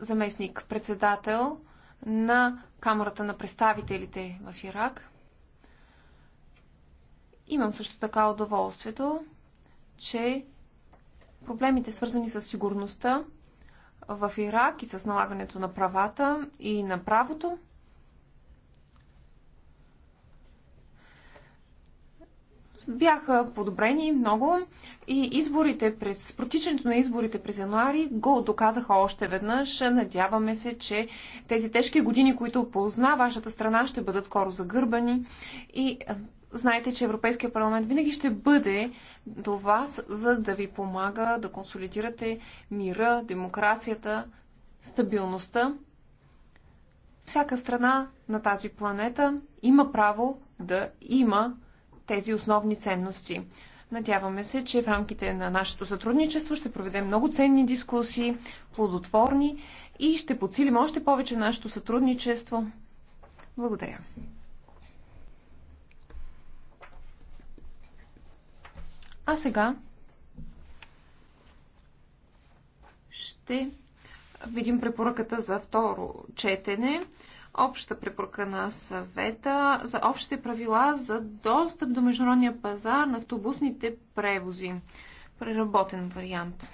заместник-председател на Камерата на представителите в Ирак. Имам също така удоволствието, че проблемите свързани с сигурността в Ирак и с налагането на правата и на правото бяха подобрени много и изборите през, протичането на изборите през януари го доказаха още веднъж. Надяваме се, че тези тежки години, които позна вашата страна, ще бъдат скоро загърбани и знаете, че Европейския парламент винаги ще бъде до вас, за да ви помага да консолидирате мира, демокрацията, стабилността. Всяка страна на тази планета има право да има тези основни ценности. Надяваме се, че в рамките на нашето сътрудничество ще проведем много ценни дискусии, плодотворни и ще подсилим още повече нашето сътрудничество. Благодаря. А сега ще видим препоръката за второ четене обща препоръка на съвета за общите правила за достъп до международния пазар на автобусните превози. Преработен вариант.